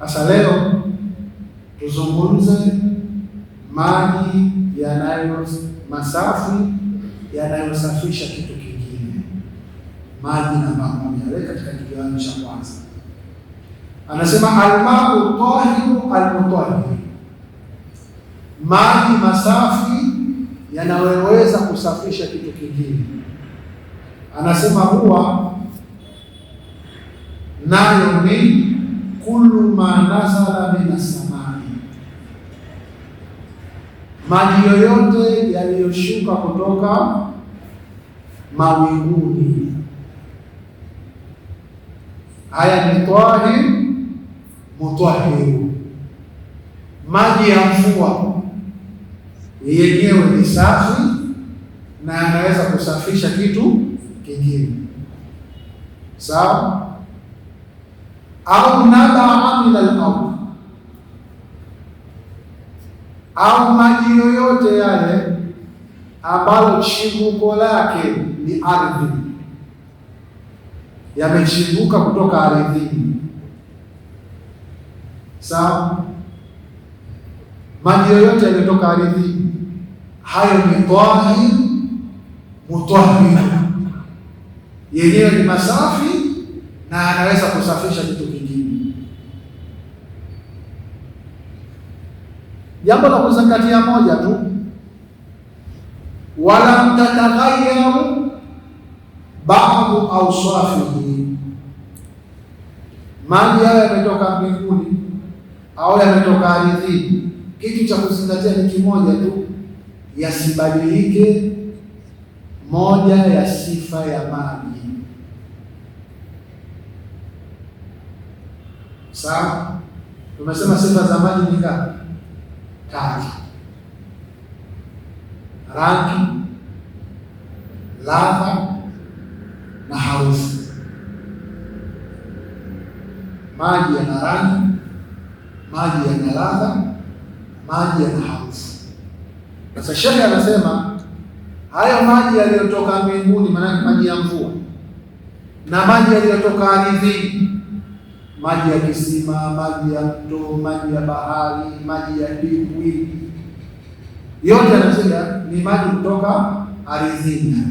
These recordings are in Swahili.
Sasa leo tuzungumze maji yanayo masafi yanayosafisha kitu kingine. Maji namba moja, weka katika kigawanyo cha kwanza, anasema almau tahiru almutahhir, maji masafi yanayoweza kusafisha kitu kingine. Anasema huwa nayo ni kullu ma nazala min as maji yoyote yaliyoshuka kutoka mawinguni. Haya ni tahir mutahiru, maji ya mvua yenyewe ni safi na yanaweza kusafisha kitu kingine, sawa au nabaa min al-ard au maji yoyote yale ambayo chimbuko lake ni ardhi, yamechimbuka kutoka ardhini. Sawa, maji yoyote yaliyotoka ardhini, hayo ni tahir mutahhir, yenyewe ni masafi na anaweza kusafisha kitu Jambo la kuzingatia moja tu, wala mtataghayaru ba'du awsafihi, maji hayo yametoka mbinguni au yametoka ardhini. Kitu cha kuzingatia ni kimoja tu, yasibadilike moja ya sifa ya maji. Sawa, tumesema sifa za maji ni ngapi? tatu: rangi, ladha na harufu. Maji yana rangi, maji yana ladha, maji yana harufu. Sasa shehe anasema haya maji yaliyotoka mbinguni, maanake maji ya mvua na maji yaliyotoka ardhini maji ya kisima, maji ya mto, maji ya bahari, maji ya dimbwi, yote yanakuja ni maji kutoka ardhini.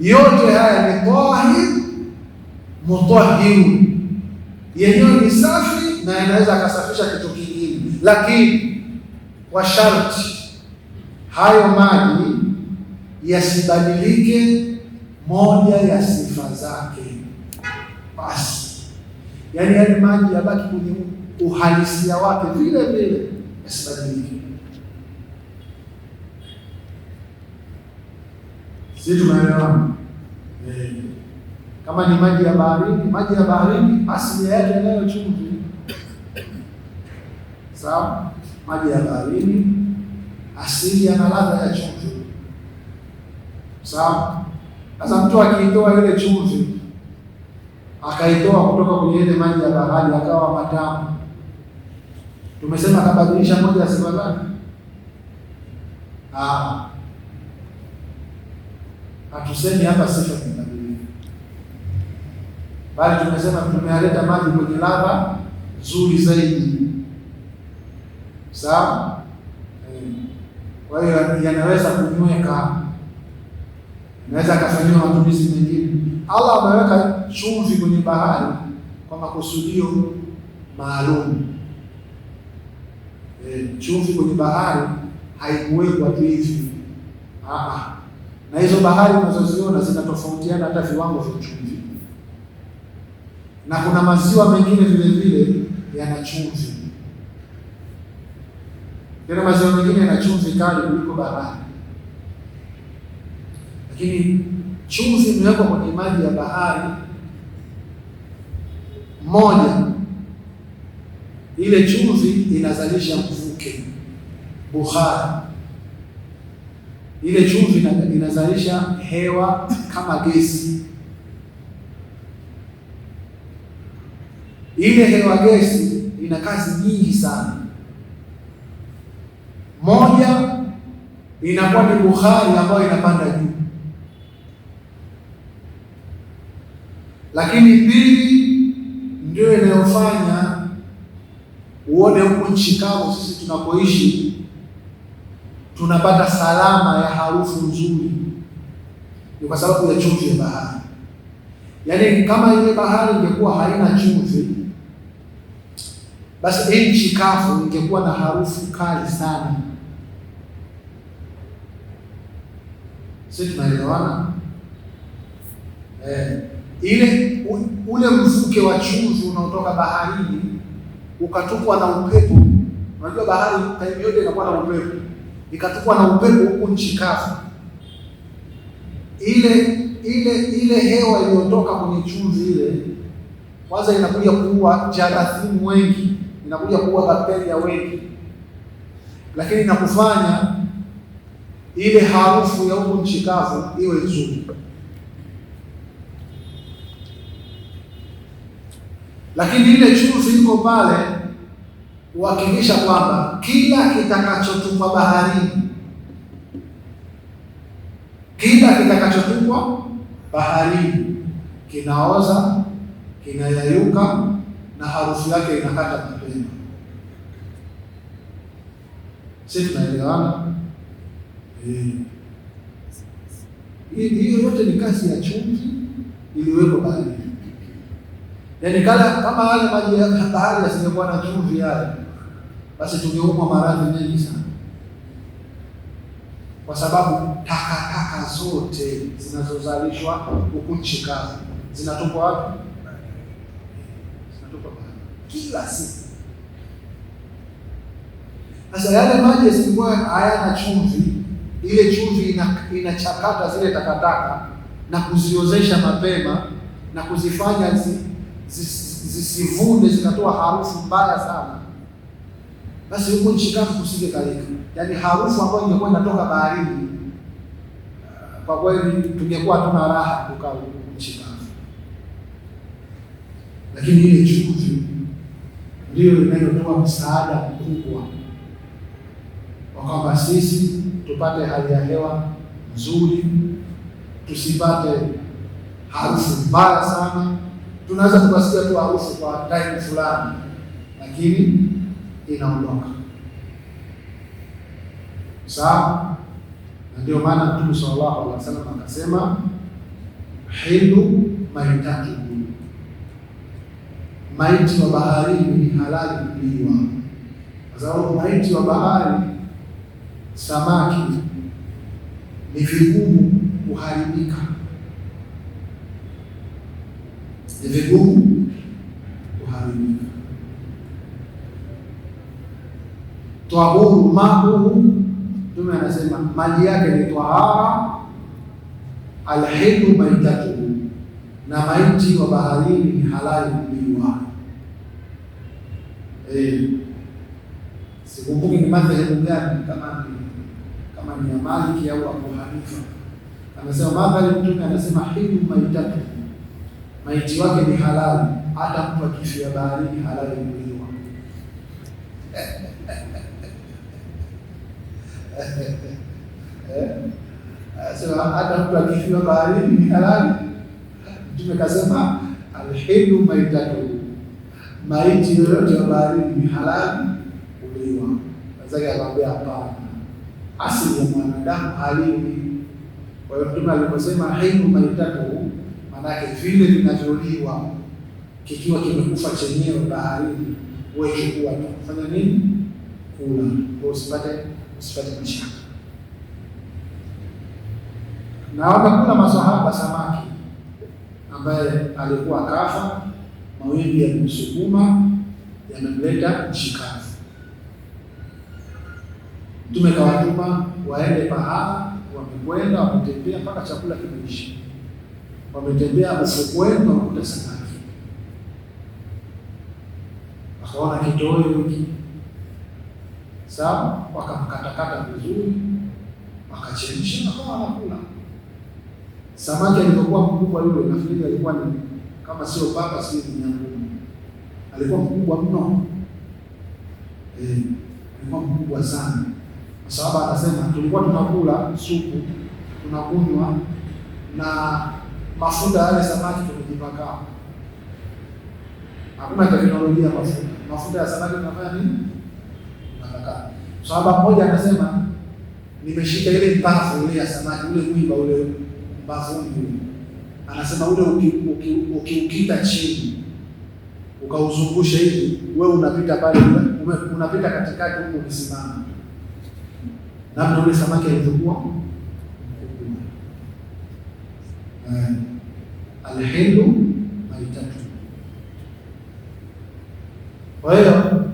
Yote haya ni tahir mutahhiru, yenyewe ni safi na inaweza akasafisha kitu kingine, lakini kwa sharti hayo maji yasibadilike moja ya sifa zake basi yaani yale maji yabaki kwenye uhalisia wake vile vile, yasibadilike. Sisi tumeelewana eh? Kama ni maji ya baharini, maji ya baharini asilia yake yanayo chumvi, sawa? Maji ya baharini asili yana ladha ya chumvi, sawa? Sasa mtu akiitoa ile chumvi akaitoa kutoka kwenye ile maji ya bahari, akawa matamu. Tumesema akabadilisha moja ya sifa zake, ah. hatusemi hapa sifa zimebadilika, bali tumesema tumealeta maji kwenye ladha nzuri zaidi, sawa. Eh. Kwa hiyo yanaweza kunyweka, inaweza akafanyiwa matumizi mengine. Allah ameweka chumvi kwenye bahari kwa makusudio maalum. E, chumvi kwenye bahari haikuwekwa tu hivi na hizo bahari unazoziona zinatofautiana hata viwango vya chumvi, na kuna maziwa mengine vile vile yana chumvi, tena maziwa mengine yana chumvi kali kuliko bahari, lakini chumvi imewekwa kwenye maji ya bahari moja, ile chumvi inazalisha mvuke buhari, ile chumvi inazalisha hewa kama gesi. Ile hewa gesi ina kazi nyingi sana. Moja inakuwa ni buhari ambayo inapanda juu lakini pili ndio inayofanya uone huku nchi kavu sisi tunapoishi tunapata salama ya harufu nzuri, ni kwa sababu ya chumvi ya bahari. Yaani, kama ile bahari ingekuwa haina chumvi, basi hii nchi kavu ingekuwa na harufu kali sana. Sisi tunaelewana eh? ile ule mvuke wa chuzu unaotoka baharini ukatupwa na upepo. Unajua bahari time yote inakuwa na upepo, ikatupwa na upepo huku nchi kavu, ile ile ile hewa iliyotoka kwenye chuzi ile kwanza inakuja kuua jarathimu wengi, inakuja kuua bakteria wengi, lakini nakufanya ile harufu ya huku nchi kavu iwe nzuri. lakini ile chuzi iko pale kuhakikisha kwamba kila kitakachotupwa baharini, kila kitakachotupwa baharini kinaoza, kinayayuka na harufu yake inakata mapema. Si tunaelewana? Eh. Hiyo yote ni kazi ya chumvi iliyowekwa baharini. Yaani kala kama yale maji ya bahari yasingekuwa na chumvi yale, basi tungeumwa maradhi mengi sana, kwa sababu takataka zote zinazozalishwa huku nchi kavu zinatupwa wapi? Zinatupwa kila siku. Sasa yale maji yasingekuwa hayana chumvi, ile chumvi inachakata ina zile takataka na kuziozesha mapema na kuzifanya zi zisivune zikatoa harufu mbaya sana, basi huko nchi kavu kusije yaani harufu ambayo ingekuwa inatoka baharini, kwa kweli tungekuwa tuna raha kukaa huko nchi kavu, lakini ile chumvi ndiyo inayotoa msaada mkubwa wa kwamba sisi tupate hali ya hewa nzuri, tusipate harufu mbaya sana tunaweza tukasikia tu harufu kwa time fulani, lakini inaondoka. Sawa, na ndio maana Mtume sallallahu alaihi wasallam akasema hilu maitatu, maiti wa baharini ni halali kuliwa, kwa sababu maiti wa bahari, samaki, ni vigumu kuharibika ni vigumu kuharibika. Tahuru maguhu, Mtume anasema maji yake ni tahara, alhilu maitatuhu, na maiti wa baharini ni halali kuliwa. Eh, sikumbuki ni madhehebu gani, kama kama ni Maliki au Abu Hanifa, anasema madhali, Mtume anasema hilu maitatuhu maiti wake ni halali, hata mtu akifia baharini halali kuliwa. hata mtu akifia baharini ni halali. Mtume kasema alhilu maitatu, maiti yoyote ya baharini ni halali kuliwa. Wazake akamwambia hapana, asili ya mwanadamu halili. Kwa hiyo Mtume aliposema hilu maitatu Maanake vile vinavyoliwa kikiwa kimekufa chenyewe baharini, wewe chukua tu nini? Kula, kwa usipate usipate mashaka. Na wakakula masahaba samaki ambaye alikuwa kafa, mawimbi yamemsukuma yamemleta nchi kavu. Mtume kawatuma waende pahala, wamekwenda wametembea mpaka chakula kimeisha wametembea ufukweni wakakuta samaki, wakaona kitoweo hiki sawa, wakamkatakata vizuri, wakachemsha wakawa wanakula samaki. Alipokuwa mkubwa yule, nafikiri alikuwa ni kama sio papa si nyangumi, alikuwa mkubwa mno, e, alikuwa mkubwa sana, kwa sababu anasema tulikuwa tunakula supu tunakunywa na mafuta yale samaki tumejipaka. Hakuna teknolojia mafuta. Mafuta ya samaki tunafanya nini? Tunapaka. Sahaba mmoja anasema nimeshika ile mbavu ile ya samaki ule mwiba ule mbavu ule. Anasema ule ukiukita chini ukauzungusha hivi, wewe unapita pale unapita katikati huko ukisimama. Namna ule samaki alivyokuwa Eh, alhelu mali tatu. Kwa hiyo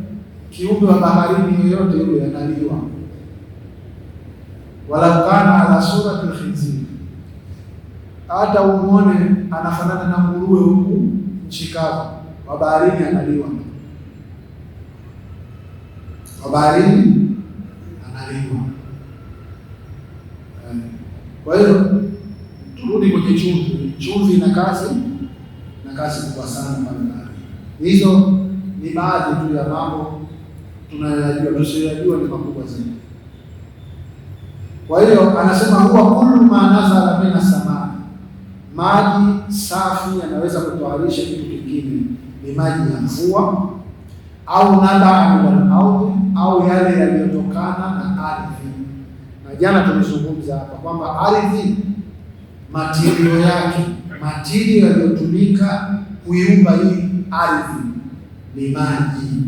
kiumbe wa baharini yoyote yule analiwa, walau kana ala surati lkhinziri, hata umwone anafanana na nguruwe huku nchi kavu, wa baharini analiwa, wa baharini analiwa. Eh, kwa hiyo turudi kwenye chumvi. Chumvi ina kazi na kazi kubwa sana mbalimbali. Hizo ni baadhi tu ya mambo tunayajua, tusioyajua ni makubwa zaidi. Kwa hiyo anasema huwa kullu ma nazala mina samaa, maji safi yanaweza kutoharisha kitu kingine, ni maji ya mvua au nadaa minal ardhi, au yale yaliyotokana na ardhi. Na jana tulizungumza hapa kwamba ardhi matirio yake, matirio yaliyotumika kuiumba hii ardhi ni maji.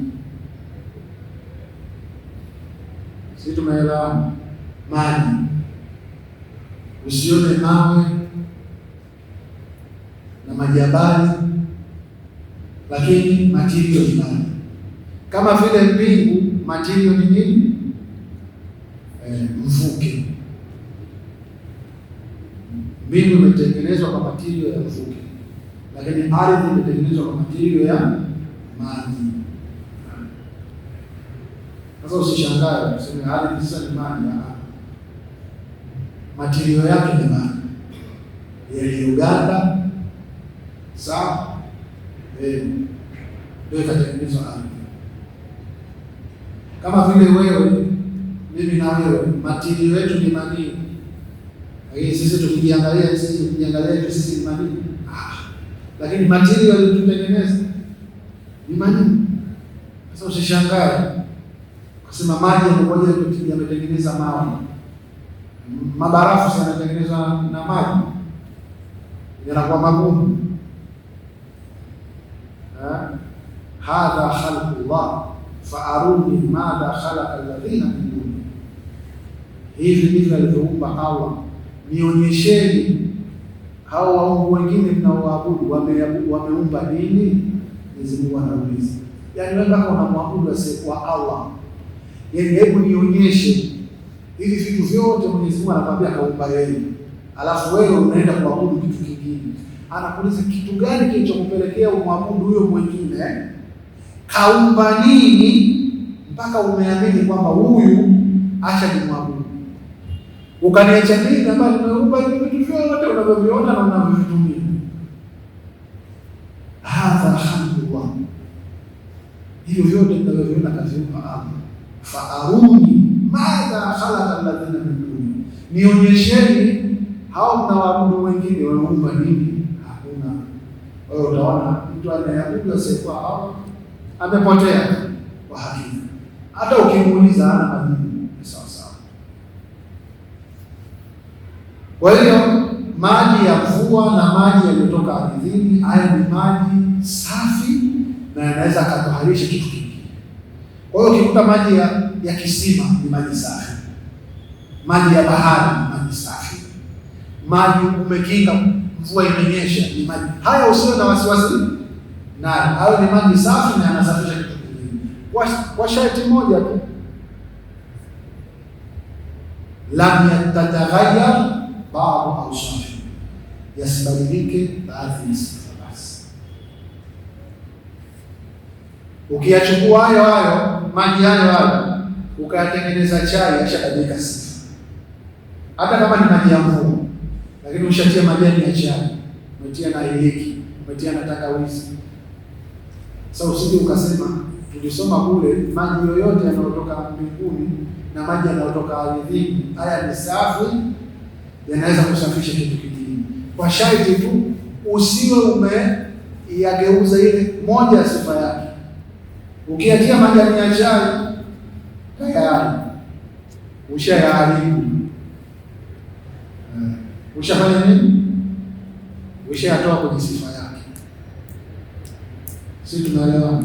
Sisi tumeelewa maji. Usione mawe na majabali, lakini matirio ni maji. Kama vile mbingu, matirio ni nini? E, mvuke Mbingu imetengenezwa kwa matirio ya mvuke, lakini ardhi imetengenezwa kwa matirio ya maji. Sasa usishangae useme ardhi sasa ni maji, matirio yake ni maji yaliyoganda, sawa, e, ndio ikatengenezwa ardhi. Kama vile wewe, mimi na wewe, matirio yetu ni manii lakini sisi tukijiangalia sisi tukijiangalia tu sisi ni manini? Ah. Lakini matiri walitutengeneza ni manini? Sasa usishangae. Kusema maji yanakuja yametengeneza mawe. Mabarafu yanatengenezwa na maji. Yanakuwa magumu. Hadha khalqullah faaruni madha khalaqa alladhina min duni, hivi ndivyo alivyoumba Allah nionyesheni hao waungu wengine mnaoabudu wameumba nini? Mwenyezi Mungu anauliza. Yaani wewe kama unamwabudu asiyekuwa Allah, yaani hebu nionyeshe hivi vitu vyote Mwenyezi Mungu anakwambia kaumba yeye, alafu wewe unaenda kuabudu kitu kingine. Anakuuliza kitu gani kilichokupelekea umwabudu huyo mwingine? Eh? Kaumba nini mpaka umeamini kwamba huyu acha nimwabudu? ukaniacha mimi na mali na nimeumba hivi vitu vyote unavyoviona na unavyovitumia. Hadha alhamdulillah, hivyo vyote ninavyoviona kaziumba Allah. Faaruni madha khalaqa alladhina min duni, nionyesheni hao mnawaabudu wengine wanaumba nini? Hakuna. Wewe utaona mtu anayeabudu asiyekuwa Allah amepotea kwa hakika, hata ukimuuliza ana majibu. Kwa hiyo maji ya mvua na maji yaliyotoka ardhini, haya ni maji safi na yanaweza yakatoharisha kitu kingine. Kwa hiyo ukikuta maji ya, ya kisima ni maji safi, maji ya bahari ni maji safi, maji umekinga mvua imenyesha ni maji haya, usio na wasiwasi nayo. Hayo ni maji safi na yanasafisha kitu kingine, kwa sharti moja tu, lam yatataghayyar bado ausafi, yasibadilike baadhi basi. Ukiyachukua hayo hayo maji hayo hayo ukayatengeneza chai, yashabadilika sifa, hata kama ni maji ya mvua, lakini ushatia majani ya chai, umetia na iliki, umetia na tangawizi. Sasa usije ukasema tulisoma kule maji yoyote yanayotoka mbinguni na maji yanayotoka ardhini haya ni safi yanaweza kusafisha kitu kingine, kwa sharti tu usiwe umeyageuza ile moja ya sifa yake. Ukiatia majani ya chai tayari ushayaharibu, eh, ushafanya nini? Ushayatoa kwenye sifa yake. Si tunaelewa?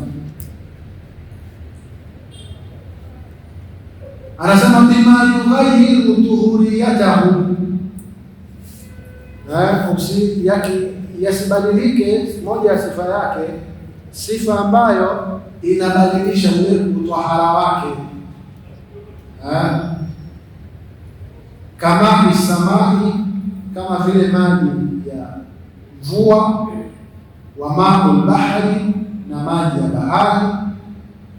Anasema bima yughayyiru tuhuriyatahu Eh, yasibadilike moja ya sifa yake, sifa ambayo inabadilisha utwahara wake eh, kama samahi, kama vile maji ya mvua, wa maul bahari, na maji ya bahari,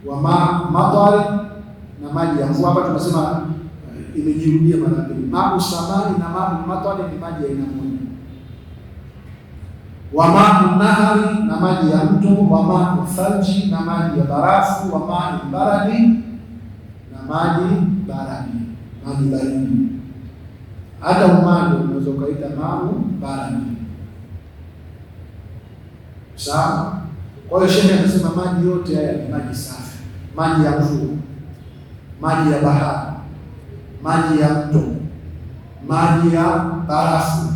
wa ma matari, na maji ya mvua. Hapa tunasema eh, imejirudia mara mbili, maul samai na maul matari ni maji ya aina moja wamau nahari, na maji ya mto, wamau thalji, na maji ya barafu, wamau baradi, na maji baradi, maji baridi. Hata umande unaweza ukaita mau baradi, sawa. Kwa hiyo shehe anasema maji yote haya ni maji safi, maji ya mvua, maji ya bahari, maji ya mto, maji ya barafu,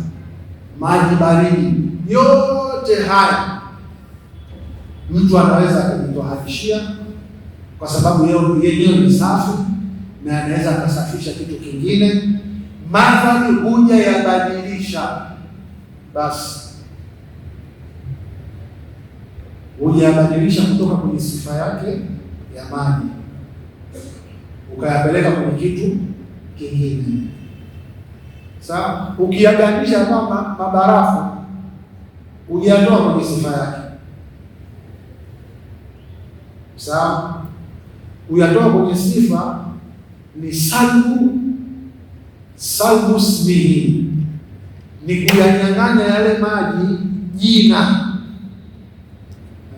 maji baridi yote haya mtu anaweza kujitwaharishia kwa sababu yenyewe ni safi na anaweza akasafisha kitu kingine, madhali huja yabadilisha, basi hujayabadilisha kutoka kwenye sifa yake ya maji ukayapeleka kwenye kitu kingine. Sasa ukiyagandisha kama mabarafu kujiandoa kwenye sifa yake, sawa. Kuyatoa kwenye sifa ni salbu salbu smihi, ni kuyanyang'anya yale maji jina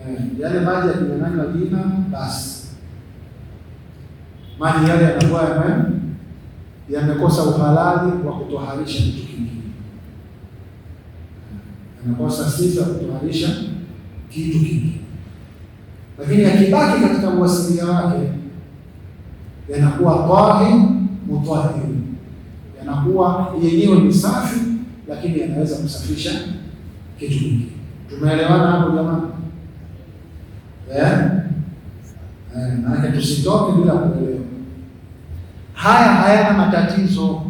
eh, yale maji yakinyang'anywa jina, basi maji yale yanakuwa yamekosa uhalali wa kutoharisha kitu kingine inakosa sifa kutoanisha kitu kiki, lakini akibaki katika uwasilia wake yanakuwa tahir mutahir, yanakuwa yenyewe ni safi, lakini yanaweza kusafisha kitu kiki. Tumeelewana hapo jamaa? Eh, eh maanake tusitoke bila kuelewa. Haya hayana matatizo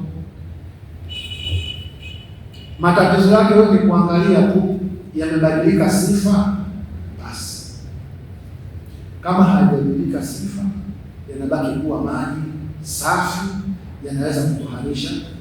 matatizo yake wewe ni kuangalia tu, yamebadilika sifa basi. Kama hayajabadilika sifa, yanabaki kuwa maji safi, yanaweza kutoharisha